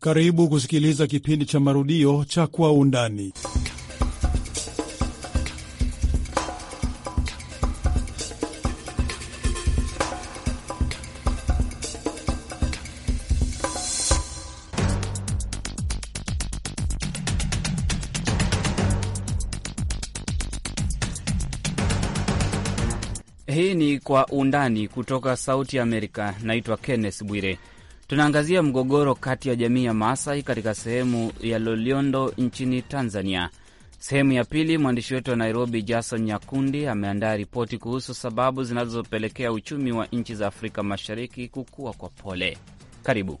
Karibu kusikiliza kipindi cha marudio cha Kwa Undani. Hii ni Kwa Undani kutoka Sauti ya Amerika. Naitwa Kenneth Bwire. Tunaangazia mgogoro kati ya jamii ya Maasai katika sehemu ya Loliondo nchini Tanzania. Sehemu ya pili, mwandishi wetu wa Nairobi Jason Nyakundi ameandaa ripoti kuhusu sababu zinazopelekea uchumi wa nchi za Afrika Mashariki kukua kwa pole. Karibu.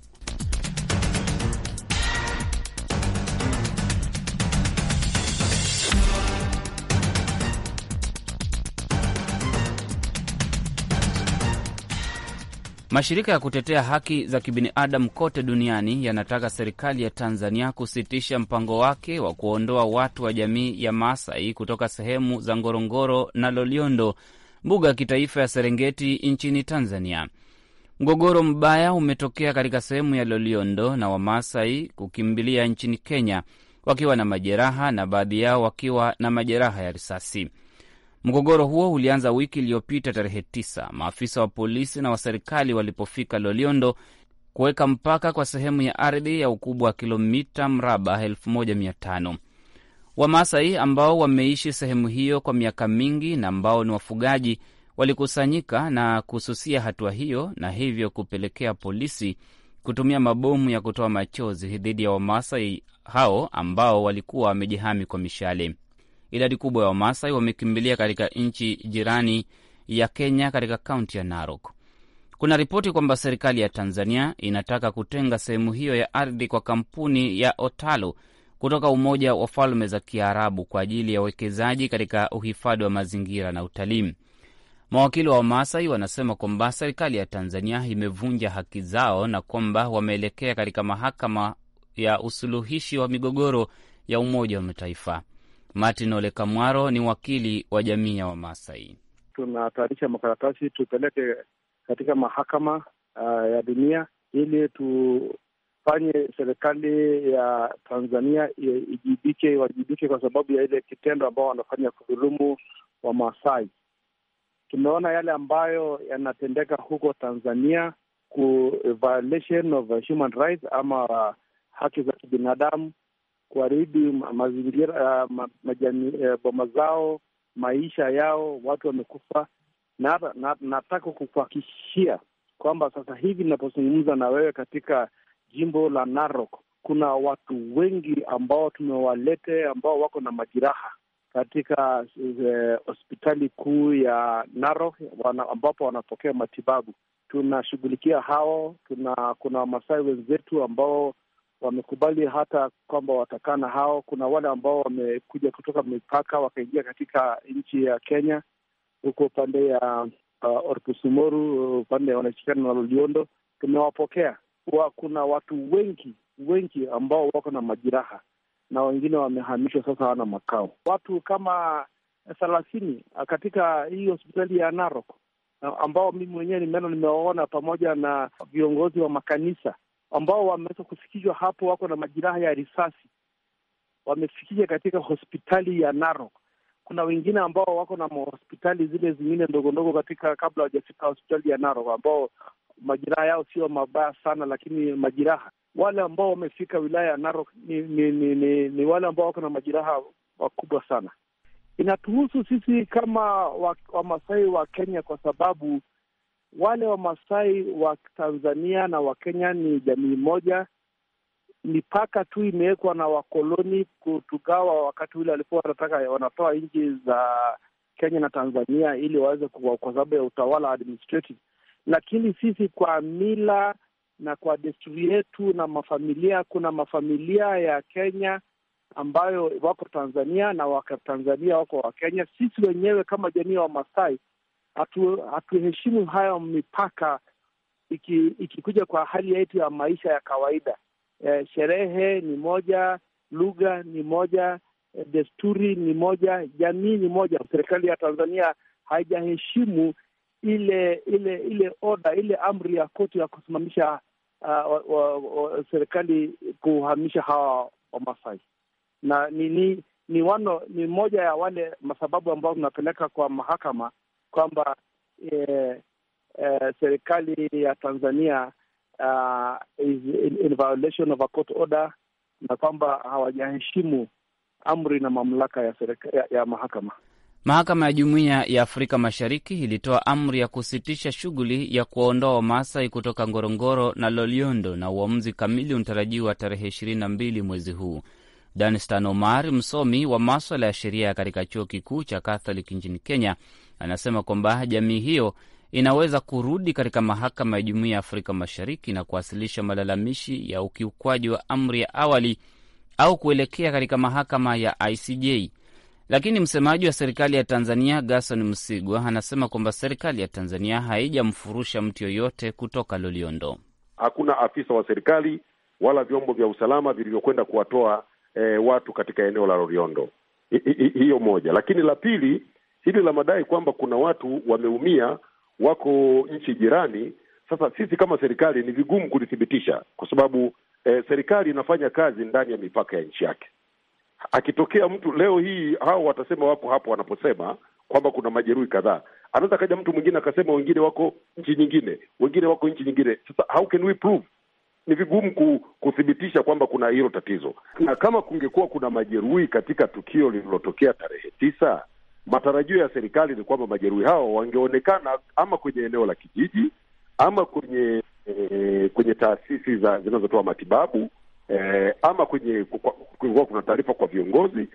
Mashirika ya kutetea haki za kibinadamu kote duniani yanataka serikali ya Tanzania kusitisha mpango wake wa kuondoa watu wa jamii ya Maasai kutoka sehemu za Ngorongoro na Loliondo, mbuga ya kitaifa ya Serengeti nchini Tanzania. Mgogoro mbaya umetokea katika sehemu ya Loliondo na Wamaasai kukimbilia nchini Kenya wakiwa na majeraha na baadhi yao wakiwa na majeraha ya risasi. Mgogoro huo ulianza wiki iliyopita tarehe tisa, maafisa wa polisi na wa serikali walipofika Loliondo kuweka mpaka kwa sehemu ya ardhi ya ukubwa wa kilomita mraba elfu Wamasai ambao wameishi sehemu hiyo kwa miaka mingi na ambao ni wafugaji walikusanyika na kususia hatua hiyo na hivyo kupelekea polisi kutumia mabomu ya kutoa machozi dhidi ya Wamasai hao ambao walikuwa wamejihami kwa mishale. Idadi kubwa ya Wamasai wamekimbilia katika nchi jirani ya Kenya, katika kaunti ya Narok. Kuna ripoti kwamba serikali ya Tanzania inataka kutenga sehemu hiyo ya ardhi kwa kampuni ya Otalo kutoka Umoja wa Falme za Kiarabu kwa ajili ya uwekezaji katika uhifadhi wa mazingira na utalii. Mawakili wa Wamasai wanasema kwamba serikali ya Tanzania imevunja haki zao na kwamba wameelekea katika mahakama ya usuluhishi wa migogoro ya Umoja wa Mataifa. Martin Ole Kamwaro ni wakili wa jamii ya Wamasai. Tunatayarisha makaratasi tupeleke katika mahakama uh, ya dunia ili tufanye serikali ya Tanzania ijibike, iwajibike kwa sababu ya ile kitendo ambao wanafanya kudhulumu wa Maasai. Tumeona yale ambayo yanatendeka huko Tanzania ku violation of human rights ama haki za kibinadamu kuharibi mazingira uh, majani uh, boma zao, maisha yao, watu wamekufa. Na, na, nataka kukuhakikishia kwamba sasa hivi inapozungumza na wewe katika jimbo la Narok kuna watu wengi ambao tumewalete ambao wako na majeraha katika eh, hospitali uh, kuu ya Narok wana, ambapo wanapokea matibabu. Tunashughulikia hao tuna, kuna Wamasai wenzetu ambao wamekubali hata kwamba watakaa na hao. Kuna wale ambao wamekuja kutoka mipaka wakaingia katika nchi ya Kenya, huko upande ya uh, Orpusumoru, upande wanashirikiana na Loliondo, tumewapokea. Kuna watu wengi wengi ambao wako na majeraha na wengine wamehamishwa, sasa hawana makao. Watu kama thelathini katika hii hospitali ya Narok ambao mimi mwenyewe nimeona, nimewaona pamoja na viongozi wa makanisa ambao wameweza kufikishwa hapo wako na majeraha ya risasi, wamefikishwa katika hospitali ya Narok. Kuna wengine ambao wako na hospitali zile zingine ndogo ndogo katika, kabla hawajafika hospitali ya Narok, ambao majeraha yao sio mabaya sana, lakini majeraha. Wale ambao wamefika wilaya ya Narok ni, ni, ni, ni, ni wale ambao wako na majeraha makubwa sana. Inatuhusu sisi kama Wamasai wa, wa Kenya kwa sababu wale Wamasai wa Tanzania na Wakenya ni jamii moja. Mipaka tu imewekwa na wakoloni kutugawa, wakati ule walikuwa wanataka wanatoa nchi za Kenya na Tanzania ili waweze kwa, kwa sababu ya utawala administrative. Lakini sisi kwa mila na kwa desturi yetu na mafamilia, kuna mafamilia ya Kenya ambayo wako Tanzania na Wakatanzania wako Wakenya. Sisi wenyewe kama jamii ya Wamasai hatuheshimu hayo mipaka ikikuja iki kwa hali yetu ya maisha ya kawaida. E, sherehe ni moja, lugha ni moja, e, desturi ni moja, jamii ni moja. Serikali ya Tanzania haijaheshimu ile ile ile oda ile amri ya koti ya kusimamisha uh, serikali kuhamisha hawa Wamasai na ni ni ni wano ni moja ya wale masababu ambao tunapeleka kwa mahakama kwamba e, e, serikali ya Tanzania uh, is in, in violation of a court order na kwamba hawajaheshimu amri na mamlaka ya, serika, ya, ya mahakama. Mahakama ya Jumuiya ya Afrika Mashariki ilitoa amri ya kusitisha shughuli ya kuwaondoa Wamasai kutoka Ngorongoro na Loliondo, na uamuzi kamili unatarajiwa tarehe ishirini na mbili mwezi huu. Danstan Omar, msomi wa maswala ya sheria katika chuo kikuu cha Catholic nchini Kenya, Anasema kwamba jamii hiyo inaweza kurudi katika mahakama ya Jumuiya ya Afrika Mashariki na kuwasilisha malalamishi ya ukiukwaji wa amri ya awali au kuelekea katika mahakama ya ICJ. Lakini msemaji wa serikali ya Tanzania gason Msigwa anasema kwamba serikali ya Tanzania haijamfurusha mtu yoyote kutoka Loliondo. Hakuna afisa wa serikali wala vyombo vya usalama vilivyokwenda kuwatoa eh, watu katika eneo la Loliondo. Hiyo moja, lakini la pili hili la madai kwamba kuna watu wameumia wako nchi jirani. Sasa sisi kama serikali ni vigumu kulithibitisha kwa sababu eh, serikali inafanya kazi ndani ya mipaka ya nchi yake. Akitokea mtu leo hii, hao watasema wapo hapo wanaposema kwamba kuna majeruhi kadhaa, anaweza akaja mtu mwingine akasema wengine wako nchi nyingine, wengine wako nchi nyingine. Sasa how can we prove? Ni vigumu kuthibitisha kwamba kuna hilo tatizo, na kama kungekuwa kuna majeruhi katika tukio lililotokea tarehe tisa Matarajio ya serikali ni kwamba majeruhi hao wangeonekana ama kwenye eneo la kijiji ama kwenye eh, kwenye taasisi za zinazotoa matibabu eh, ama kwenye kulikuwa kuna taarifa kwa viongozi.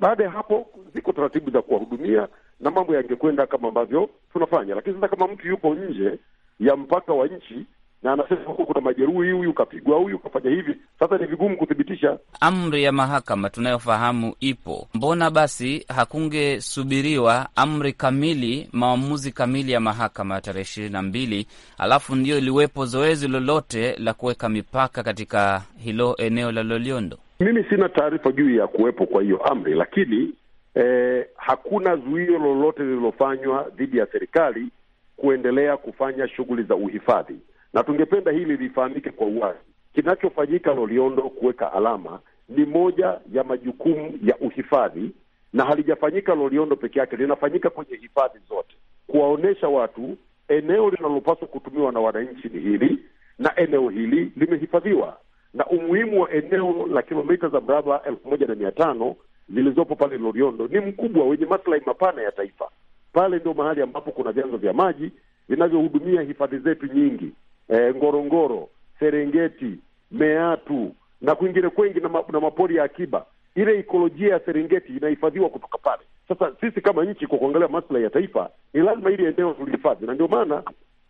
Baada ya hapo, ziko taratibu za kuwahudumia na mambo yangekwenda kama ambavyo tunafanya. Lakini sasa kama mtu yupo nje ya mpaka wa nchi na anasema huko kuna majeruhi, huyu kapigwa, huyu kafanya hivi. Sasa ni vigumu kuthibitisha. Amri ya mahakama tunayofahamu ipo, mbona basi hakungesubiriwa amri kamili, maamuzi kamili ya mahakama ya tarehe ishirini na mbili alafu ndiyo iliwepo zoezi lolote la kuweka mipaka katika hilo eneo la Loliondo? Mimi sina taarifa juu ya kuwepo kwa hiyo amri, lakini eh, hakuna zuio lolote lililofanywa dhidi ya serikali kuendelea kufanya shughuli za uhifadhi na tungependa hili lifahamike kwa uwazi. Kinachofanyika Loliondo kuweka alama ni moja ya majukumu ya uhifadhi, na halijafanyika Loliondo peke yake, linafanyika kwenye hifadhi zote, kuwaonyesha watu eneo linalopaswa kutumiwa na wananchi ni hili na eneo hili limehifadhiwa, na umuhimu wa eneo la kilomita za mraba elfu moja na mia tano zilizopo pale Loliondo ni mkubwa, wenye maslahi mapana ya taifa. Pale ndio mahali ambapo kuna vyanzo vya maji vinavyohudumia hifadhi zetu nyingi e, Ngorongoro, Serengeti, Meatu na kwingine kwengi na, ma, na mapori ya akiba. Ile ikolojia ya Serengeti inahifadhiwa kutoka pale. Sasa sisi kama nchi, kwa kuangalia maslahi ya taifa, ni lazima ili eneo tulihifadhi, na ndio maana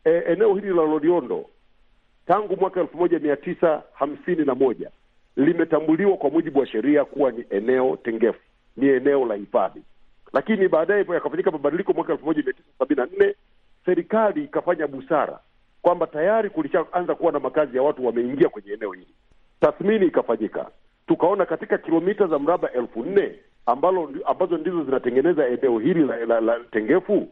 e, eneo hili la Loliondo tangu mwaka elfu moja mia tisa hamsini na moja limetambuliwa kwa mujibu wa sheria kuwa ni eneo tengefu, ni eneo la hifadhi. Lakini baadaye yakafanyika mabadiliko mwaka elfu moja mia tisa sabini na nne serikali ikafanya busara kwamba tayari kulishaanza kuwa na makazi ya watu wameingia kwenye eneo hili. Tathmini ikafanyika, tukaona katika kilomita za mraba elfu nne ambalo ambazo ndizo zinatengeneza eneo hili la, la, la tengefu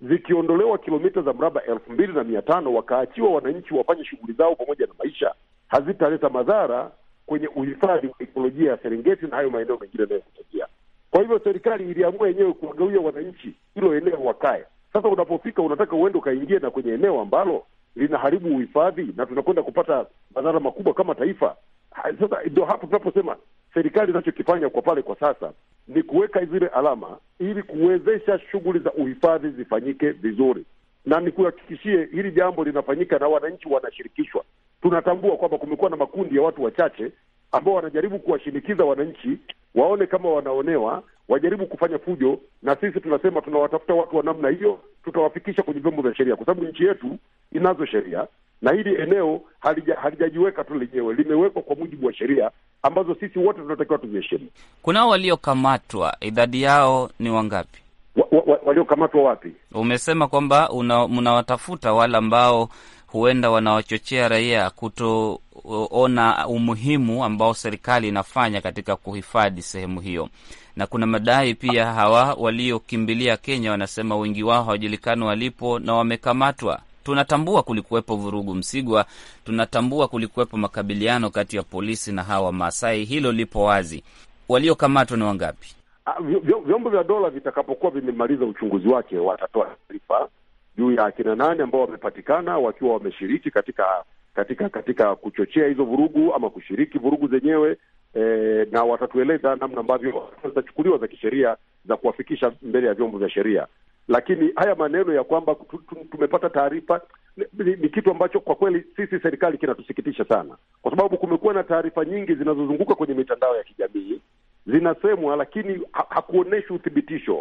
zikiondolewa kilomita za mraba elfu mbili na mia tano wakaachiwa wananchi wafanye shughuli zao pamoja na maisha, hazitaleta madhara kwenye uhifadhi wa ekolojia ya Serengeti na hayo maeneo mengine yanayokutajia. Kwa hivyo serikali iliamua yenyewe kuwagawia wananchi hilo eneo wakae. Sasa unapofika unataka uende ukaingie na kwenye eneo ambalo linaharibu uhifadhi na tunakwenda kupata madhara makubwa kama taifa. Sasa ndio hapo tunaposema serikali inachokifanya kwa pale kwa sasa ni kuweka zile alama ili kuwezesha shughuli za uhifadhi zifanyike vizuri, na nikuhakikishie hili jambo linafanyika na wananchi wanashirikishwa. Tunatambua kwamba kumekuwa na makundi ya watu wachache ambao wanajaribu kuwashinikiza wananchi waone kama wanaonewa, wajaribu kufanya fujo, na sisi tunasema tunawatafuta watu wa namna hiyo, tutawafikisha kwenye vyombo vya sheria, kwa sababu nchi yetu inazo sheria na hili eneo halija, halijajiweka tu lenyewe, limewekwa kwa mujibu wa sheria ambazo sisi wote tunatakiwa tuziheshimu. Kunao waliokamatwa, idadi yao ni wangapi? wa, wa, waliokamatwa wapi? Umesema kwamba mnawatafuta wale ambao huenda wanawachochea raia kuto kuona umuhimu ambao serikali inafanya katika kuhifadhi sehemu hiyo, na kuna madai pia hawa waliokimbilia Kenya wanasema wengi wao hawajulikani walipo na wamekamatwa. Tunatambua kulikuwepo vurugu Msigwa, tunatambua kulikuwepo makabiliano kati ya polisi na hawa Maasai, hilo lipo wazi. Waliokamatwa ni wangapi? Ah, vyombo vya dola vitakapokuwa vimemaliza uchunguzi wake watatoa taarifa juu ya akina ambao wamepatikana wakiwa wameshiriki katika katika katika kuchochea hizo vurugu ama kushiriki vurugu zenyewe e, na watatueleza namna ambavyo zitachukuliwa za kisheria za kuwafikisha mbele ya vyombo vya sheria. Lakini haya maneno ya kwamba tumepata taarifa ni, ni kitu ambacho kwa kweli sisi serikali kinatusikitisha sana, kwa sababu kumekuwa na taarifa nyingi zinazozunguka kwenye mitandao ya kijamii zinasemwa, lakini ha hakuoneshi uthibitisho.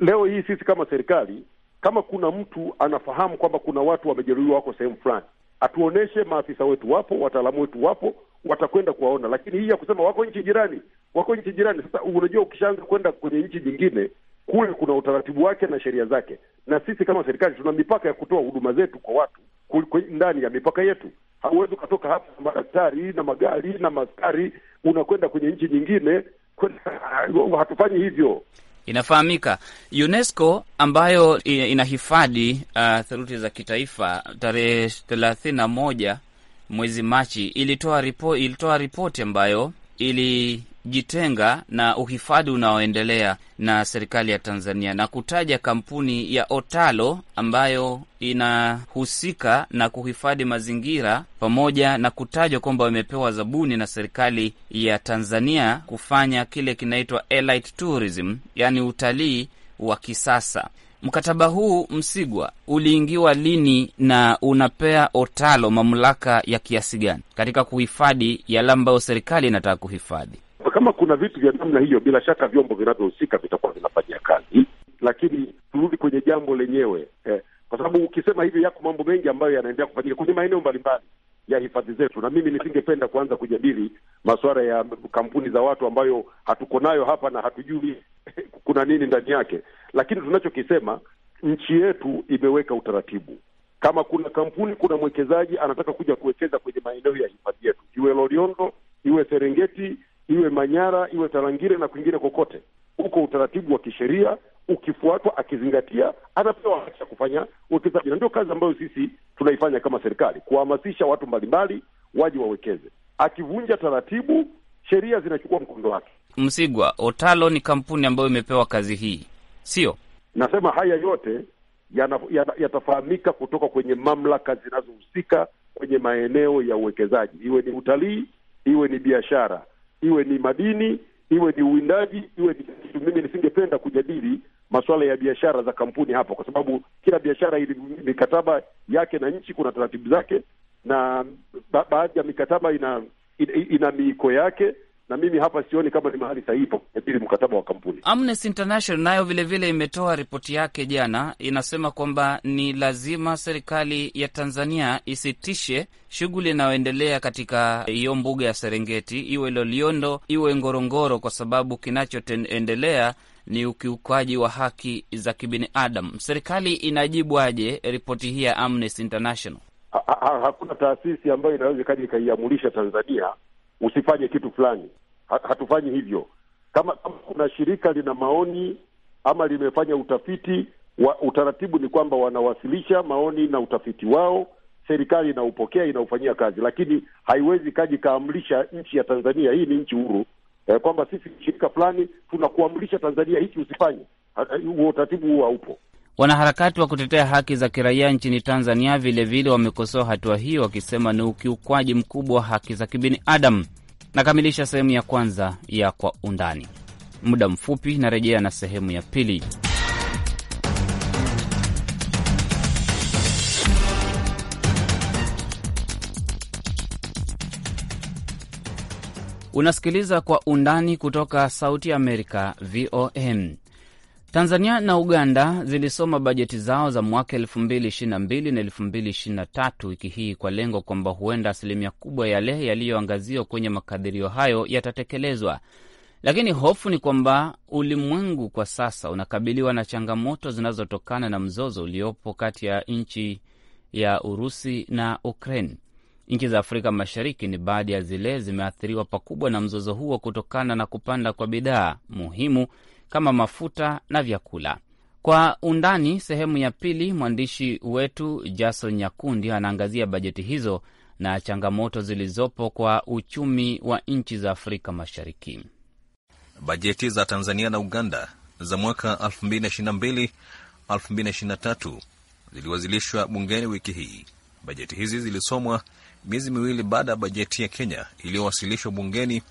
Leo hii sisi kama serikali, kama kuna mtu anafahamu kwamba kuna watu wamejeruhiwa wako sehemu fulani atuoneshe maafisa wetu wapo, wataalamu wetu wapo, watakwenda kuwaona. Lakini hii ya kusema wako nchi jirani, wako nchi jirani, sasa unajua, ukishaanza kwenda kwenye nchi nyingine kule kuna utaratibu wake na sheria zake, na sisi kama serikali tuna mipaka ya kutoa huduma zetu kwa watu ndani ya mipaka yetu. Hauwezi ukatoka hapa na madaktari na magari na maskari unakwenda kwenye nchi nyingine. Ah, hatufanyi hivyo. Inafahamika UNESCO ambayo inahifadhi uh, theluthi za kitaifa, tarehe thelathini na moja mwezi Machi ilitoa ripoti, ilitoa ripoti ambayo ili kujitenga na uhifadhi unaoendelea na serikali ya Tanzania na kutaja kampuni ya Otalo ambayo inahusika na kuhifadhi mazingira pamoja na kutajwa kwamba wamepewa zabuni na serikali ya Tanzania kufanya kile kinaitwa elite tourism, yaani utalii wa kisasa. Mkataba huu Msigwa, uliingiwa lini na unapea Otalo mamlaka ya kiasi gani katika kuhifadhi yale ambayo serikali inataka kuhifadhi? Kama kuna vitu vya namna hiyo, bila shaka vyombo vinavyohusika vitakuwa vinafanyia kazi, lakini turudi kwenye jambo lenyewe eh, kwa sababu ukisema hivyo, yako mambo mengi ambayo yanaendelea kufanyika kwenye maeneo mbalimbali ya hifadhi zetu, na mimi nisingependa kuanza kujadili masuala ya kampuni za watu ambayo hatuko nayo hapa na hatujui eh, kuna nini ndani yake, lakini tunachokisema, nchi yetu imeweka utaratibu. Kama kuna kampuni, kuna mwekezaji anataka kuja kuwekeza kwenye maeneo ya hifadhi yetu, iwe Loliondo, iwe Serengeti, iwe Manyara, iwe Tarangire na kwingine kokote, huko utaratibu wa kisheria ukifuatwa, akizingatia, atapewa haki ya kufanya uwekezaji, na ndio kazi ambayo sisi tunaifanya kama serikali, kuwahamasisha watu mbalimbali waje wawekeze. Akivunja taratibu, sheria zinachukua mkondo wake. Msigwa, Otalo ni kampuni ambayo imepewa kazi hii, sio? Nasema haya yote yatafahamika ya, ya kutoka kwenye mamlaka zinazohusika kwenye maeneo ya uwekezaji, iwe ni utalii, iwe ni biashara iwe ni madini, iwe ni uwindaji, iwe ni mimi nisingependa kujadili masuala ya biashara za kampuni hapa, kwa sababu kila biashara ili mikataba yake na nchi, kuna taratibu zake, na ba baadhi ya mikataba ina ina, ina miiko yake na mimi hapa sioni kama ni mahali sahihi pa kujadili mkataba wa kampuni. Amnesty International nayo vilevile imetoa ripoti yake jana, inasema kwamba ni lazima serikali ya Tanzania isitishe shughuli inayoendelea katika hiyo mbuga ya Serengeti, iwe Loliondo iwe Ngorongoro, kwa sababu kinachoendelea ni ukiukaji wa haki za kibinadamu. Serikali inajibu aje ripoti hii ya Amnesty International? Ha, ha, hakuna taasisi ambayo inaweza ikaja ikaiamulisha Tanzania usifanye kitu fulani. Hatufanyi hivyo. Kama kuna shirika lina maoni ama limefanya utafiti wa, utaratibu ni kwamba wanawasilisha maoni na utafiti wao, serikali inaupokea inaufanyia kazi, lakini haiwezi kaji kaamrisha nchi ya Tanzania. Hii ni nchi huru eh, kwamba sisi shirika fulani tunakuamrisha Tanzania hichi usifanye. Huo utaratibu huo haupo. Wanaharakati wa kutetea haki za kiraia nchini Tanzania vilevile wamekosoa hatua hiyo wakisema ni ukiukwaji mkubwa wa haki za kibinadamu. Nakamilisha sehemu ya kwanza ya Kwa Undani. Muda mfupi narejea na sehemu ya pili. Unasikiliza Kwa Undani kutoka Sauti Amerika, VOM. Tanzania na Uganda zilisoma bajeti zao za mwaka elfu na wiki hii kwa lengo kwamba huenda asilimia kubwa yale yaliyoangaziwa kwenye makadirio hayo yatatekelezwa, lakini hofu ni kwamba ulimwengu kwa sasa unakabiliwa na changamoto zinazotokana na mzozo uliopo kati ya nchi ya Urusi na Ukraine. Nchi za Afrika Mashariki ni baadhi ya zile zimeathiriwa pakubwa na mzozo huo kutokana na kupanda kwa bidhaa muhimu kama mafuta na vyakula. Kwa undani, sehemu ya pili, mwandishi wetu Jason Nyakundi anaangazia bajeti hizo na changamoto zilizopo kwa uchumi wa nchi za Afrika Mashariki. Bajeti za Tanzania na Uganda za mwaka 2022 2023 ziliwasilishwa bungeni wiki hii. Bajeti hizi zilisomwa miezi miwili baada ya bajeti ya Kenya iliyowasilishwa bungeni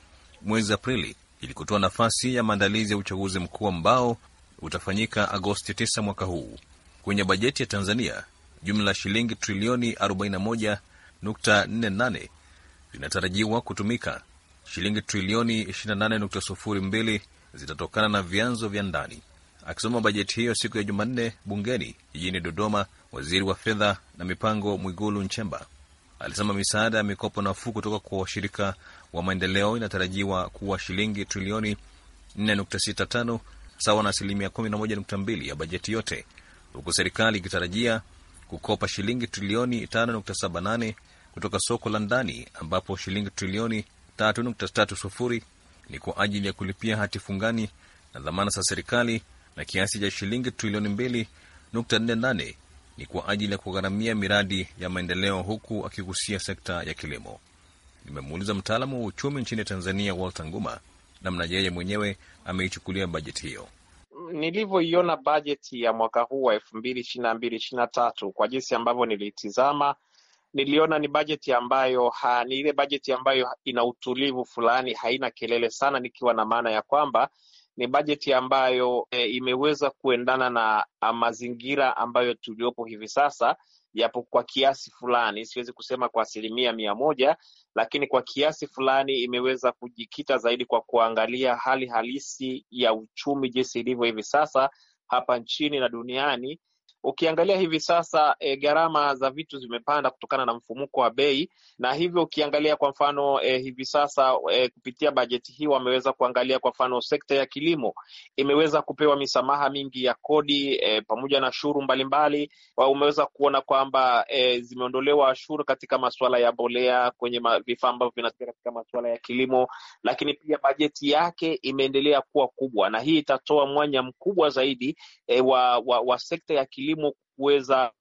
mwezi Aprili ili kutoa nafasi ya maandalizi ya uchaguzi mkuu ambao utafanyika Agosti 9 mwaka huu. Kwenye bajeti ya Tanzania, jumla shilingi trilioni 41.48 zinatarajiwa kutumika. Shilingi trilioni 28.02 zitatokana na vyanzo vya ndani. Akisoma bajeti hiyo siku ya Jumanne bungeni jijini Dodoma, waziri wa fedha na mipango Mwigulu Nchemba alisema misaada ya mikopo nafuu kutoka kwa washirika wa maendeleo inatarajiwa kuwa shilingi trilioni 4.65 sawa na asilimia 11.2 ya bajeti yote, huku serikali ikitarajia kukopa shilingi trilioni 5.78 kutoka soko la ndani, ambapo shilingi trilioni 3.30 ni kwa ajili ya kulipia hati fungani na dhamana za serikali na kiasi cha ja shilingi trilioni 2.48 ni kwa ajili ya kugharamia miradi ya maendeleo, huku akigusia sekta ya kilimo. Nimemuuliza mtaalamu wa uchumi nchini Tanzania, Walter Nguma, namna yeye mwenyewe ameichukulia bajeti hiyo. Nilivyoiona bajeti ya mwaka huu wa elfu mbili ishirini na mbili ishirini na tatu kwa jinsi ambavyo nilitizama niliona ni bajeti ambayo ha, ni ile bajeti ambayo ina utulivu fulani, haina kelele sana, nikiwa na maana ya kwamba ni bajeti ambayo e, imeweza kuendana na ah, mazingira ambayo tuliopo hivi sasa, japo kwa kiasi fulani, siwezi kusema kwa asilimia mia moja, lakini kwa kiasi fulani imeweza kujikita zaidi kwa kuangalia hali halisi ya uchumi jinsi ilivyo hivi sasa hapa nchini na duniani Ukiangalia hivi sasa e, gharama za vitu zimepanda kutokana na mfumuko wa bei, na hivyo ukiangalia kwa mfano e, hivi sasa e, kupitia bajeti hii wameweza kuangalia kwa mfano sekta ya kilimo imeweza kupewa misamaha mingi ya kodi e, pamoja na shuru mbalimbali. Umeweza kuona kwamba e, zimeondolewa shuru katika masuala ya mbolea kwenye vifaa ambavyo vinatumika katika masuala ya kilimo, lakini pia bajeti yake imeendelea kuwa kubwa, na hii itatoa mwanya mkubwa zaidi e, wa, wa, wa sekta ya kilimo kilimo kuweza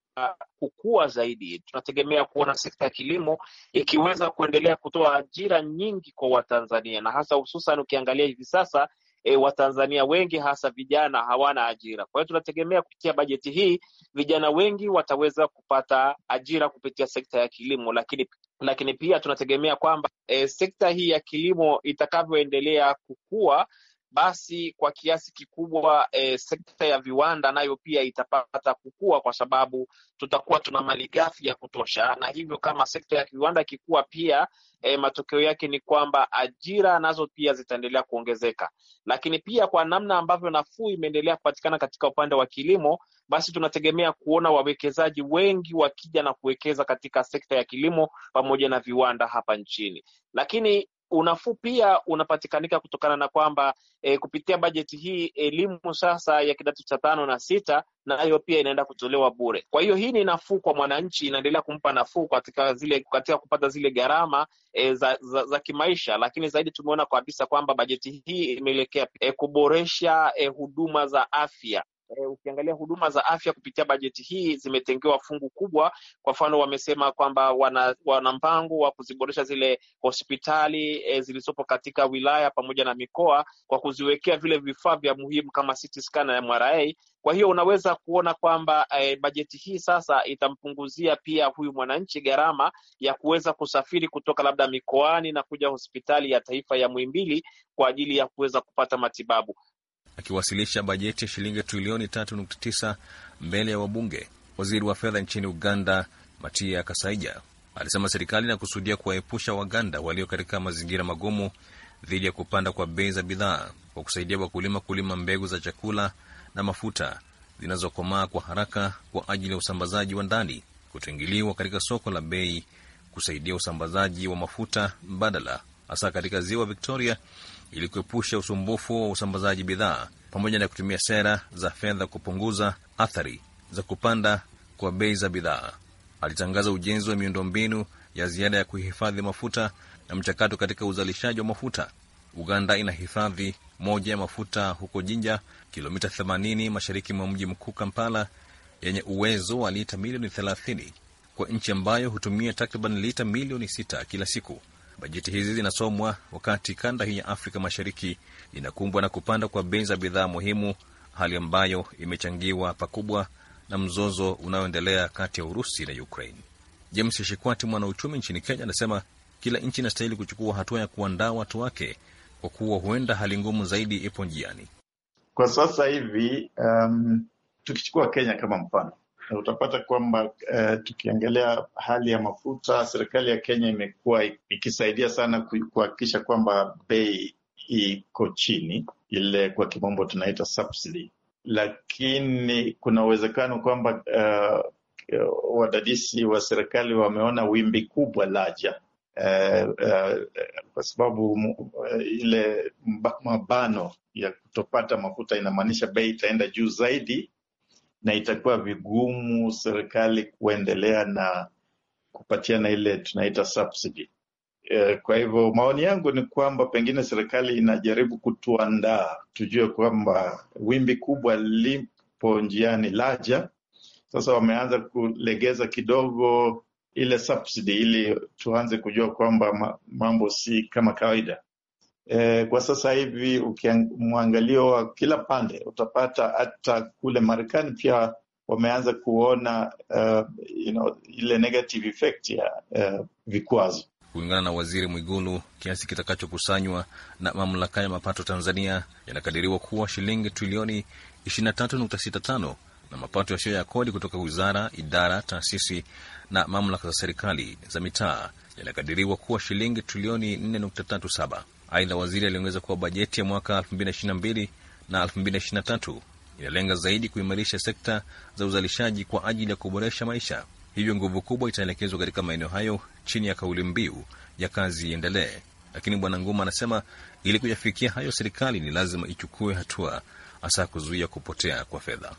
kukua zaidi. Tunategemea kuona sekta ya kilimo ikiweza kuendelea kutoa ajira nyingi kwa Watanzania na hasa hususan ukiangalia hivi sasa e, Watanzania wengi hasa vijana hawana ajira. Kwa hiyo tunategemea kupitia bajeti hii vijana wengi wataweza kupata ajira kupitia sekta ya kilimo, lakini lakini pia tunategemea kwamba e, sekta hii ya kilimo itakavyoendelea kukua basi kwa kiasi kikubwa e, sekta ya viwanda nayo pia itapata kukua, kwa sababu tutakuwa tuna malighafi ya kutosha, na hivyo kama sekta ya viwanda ikikua pia e, matokeo yake ni kwamba ajira nazo pia zitaendelea kuongezeka. Lakini pia kwa namna ambavyo nafuu imeendelea kupatikana katika upande wa kilimo, basi tunategemea kuona wawekezaji wengi wakija na kuwekeza katika sekta ya kilimo pamoja na viwanda hapa nchini. Lakini Unafuu pia unapatikanika kutokana na kwamba e, kupitia bajeti hii elimu sasa ya kidato cha tano na sita nayo na pia inaenda kutolewa bure. Kwa hiyo hii ni nafuu kwa mwananchi, inaendelea kumpa nafuu katika zile katika kupata zile gharama e, za, za, za kimaisha. Lakini zaidi tumeona kabisa kwamba bajeti hii imeelekea e, kuboresha e, huduma za afya e, ukiangalia huduma za afya kupitia bajeti hii zimetengewa fungu kubwa. Kwa mfano, wamesema kwamba wana, wana mpango wa kuziboresha zile hospitali e, zilizopo katika wilaya pamoja na mikoa kwa kuziwekea vile vifaa vya muhimu kama CT scan na MRI. Kwa hiyo unaweza kuona kwamba e, bajeti hii sasa itampunguzia pia huyu mwananchi gharama ya kuweza kusafiri kutoka labda mikoani na kuja hospitali ya taifa ya Muhimbili kwa ajili ya kuweza kupata matibabu akiwasilisha bajeti ya shilingi trilioni 3.9 mbele ya wabunge. Waziri wa fedha nchini Uganda Matia Kasaija alisema serikali inakusudia kuwaepusha Waganda walio katika mazingira magumu dhidi ya kupanda kwa bei za bidhaa kwa kusaidia wakulima kulima mbegu za chakula na mafuta zinazokomaa kwa haraka kwa ajili ya usambazaji wa ndani, kutingiliwa katika soko la bei, kusaidia usambazaji wa mafuta mbadala hasa katika ziwa Victoria ili kuepusha usumbufu wa usambazaji bidhaa pamoja na kutumia sera za fedha kupunguza athari za kupanda kwa bei za bidhaa. Alitangaza ujenzi wa miundombinu ya ziada ya kuhifadhi mafuta na mchakato katika uzalishaji wa mafuta. Uganda ina hifadhi moja ya mafuta huko Jinja, kilomita 80 mashariki mwa mji mkuu Kampala, yenye uwezo wa lita milioni 30 kwa nchi ambayo hutumia takriban lita milioni 6 kila siku. Bajeti hizi zinasomwa wakati kanda hii ya Afrika Mashariki inakumbwa na kupanda kwa bei za bidhaa muhimu, hali ambayo imechangiwa pakubwa na mzozo unaoendelea kati ya Urusi na Ukraine. James Shikwati, mwanauchumi nchini Kenya, anasema kila nchi inastahili kuchukua hatua ya kuandaa watu wake kwa kuwa huenda hali ngumu zaidi ipo njiani. Kwa sasa hivi, um, tukichukua Kenya kama mfano, utapata kwamba uh, tukiangalia hali ya mafuta, serikali ya Kenya imekuwa ikisaidia sana kuhakikisha kwamba bei iko chini, ile kwa kimombo tunaita subsidy, lakini kuna uwezekano kwamba uh, wadadisi wa serikali wameona wimbi kubwa laja uh, eh, uh, kwa sababu uh, ile mabano ya kutopata mafuta inamaanisha bei itaenda juu zaidi na itakuwa vigumu serikali kuendelea na kupatiana ile tunaita subsidy. E, kwa hivyo maoni yangu ni kwamba pengine serikali inajaribu kutuandaa, tujue kwamba wimbi kubwa lipo njiani laja. Sasa wameanza kulegeza kidogo ile subsidy ili tuanze kujua kwamba mambo si kama kawaida. E, kwa sasa hivi ukimwangalio wa kila pande utapata hata kule Marekani pia wameanza kuona uh, you know, ile negative effect ya uh, vikwazo. Kulingana na Waziri Mwigulu, kiasi kitakachokusanywa na mamlaka ya mapato Tanzania yanakadiriwa kuwa shilingi trilioni 23.65 na mapato yasiyo ya kodi kutoka wizara, idara, taasisi na mamlaka za serikali za mitaa yanakadiriwa kuwa shilingi trilioni 4.37. Aidha, waziri aliongeza kuwa bajeti ya mwaka 2022 na 2023 inalenga zaidi kuimarisha sekta za uzalishaji kwa ajili ya kuboresha maisha, hivyo nguvu kubwa itaelekezwa katika maeneo hayo chini ya kauli mbiu ya kazi iendelee. Lakini Bwana Nguma anasema ili kuyafikia hayo, serikali ni lazima ichukue hatua, hasa kuzuia kupotea kwa fedha.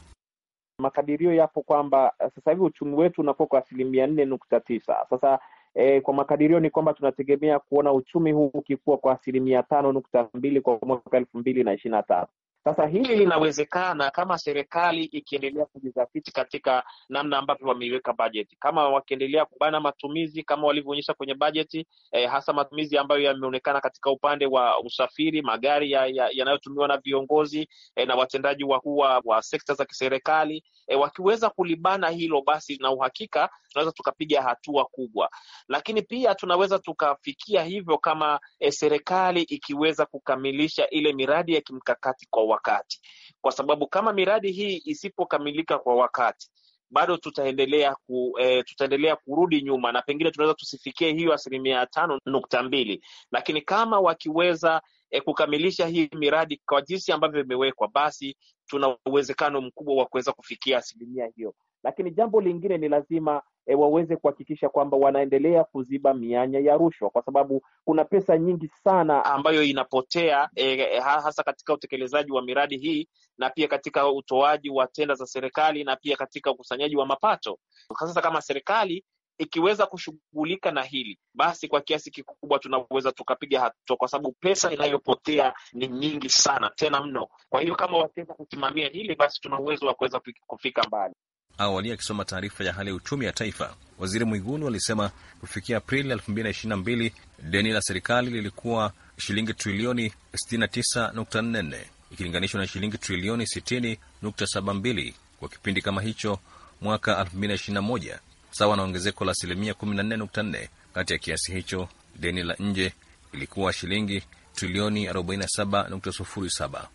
Makadirio yapo kwamba sasa hivi uchumi wetu unakuwa kwa asilimia nne nukta tisa sasa E, kwa makadirio ni kwamba tunategemea kuona uchumi huu ukikua kwa asilimia tano nukta mbili kwa mwaka elfu mbili na ishirini na tatu sasa hili linawezekana kama serikali ikiendelea kujizatiti katika namna ambavyo wameiweka bajeti, kama wakiendelea kubana matumizi kama walivyoonyesha kwenye bajeti eh, hasa matumizi ambayo yameonekana katika upande wa usafiri, magari yanayotumiwa ya, ya na viongozi eh, na watendaji wakuu wa sekta za kiserikali eh, wakiweza kulibana hilo, basi na uhakika tunaweza tukapiga hatua kubwa, lakini pia tunaweza tukafikia hivyo kama eh, serikali ikiweza kukamilisha ile miradi ya kimkakati kwa wakati, kwa sababu kama miradi hii isipokamilika kwa wakati bado tutaendelea ku, eh, tutaendelea kurudi nyuma na pengine tunaweza tusifikie hiyo asilimia tano nukta mbili, lakini kama wakiweza eh, kukamilisha hii miradi kwa jinsi ambavyo imewekwa, basi tuna uwezekano mkubwa wa kuweza kufikia asilimia hiyo. Lakini jambo lingine ni lazima e, waweze kuhakikisha kwamba wanaendelea kuziba mianya ya rushwa, kwa sababu kuna pesa nyingi sana ambayo inapotea e, e hasa katika utekelezaji wa miradi hii na pia katika utoaji wa tenda za serikali na pia katika ukusanyaji wa mapato. Sasa kama serikali ikiweza kushughulika na hili basi, kwa kiasi kikubwa tunaweza tukapiga hatua, kwa sababu pesa inayopotea ni nyingi sana tena mno. Kwa hiyo kama wataweza kusimamia hili, basi tuna uwezo wa kuweza kufika mbali awali akisoma taarifa ya hali ya uchumi ya taifa, Waziri Mwigulu alisema kufikia Aprili 2022 deni la serikali lilikuwa shilingi trilioni 69.44 ikilinganishwa na shilingi trilioni 60.72 kwa kipindi kama hicho mwaka 2021, sawa na ongezeko la asilimia 14.4. Kati ya kiasi hicho deni la nje lilikuwa shilingi trilioni 47.07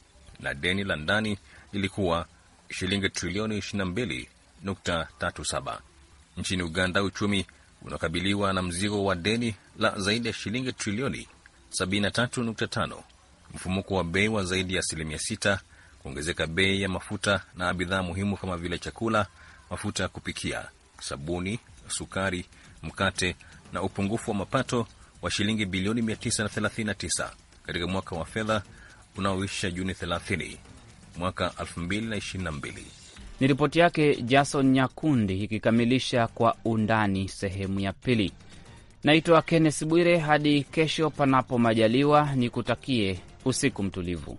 na deni la ndani lilikuwa shilingi trilioni Nchini Uganda, uchumi unakabiliwa na mzigo wa deni la zaidi ya shilingi trilioni 73.5, mfumuko wa bei wa zaidi ya asilimia 6, kuongezeka bei ya mafuta na bidhaa muhimu kama vile chakula, mafuta ya kupikia, sabuni, sukari, mkate na upungufu wa mapato wa shilingi bilioni 939 katika mwaka wa fedha unaoisha Juni 30 mwaka 2022. Ni ripoti yake Jason Nyakundi ikikamilisha kwa undani sehemu ya pili. Naitwa Kenneth Bwire, hadi kesho panapo majaliwa, kutakie usiku mtulivu.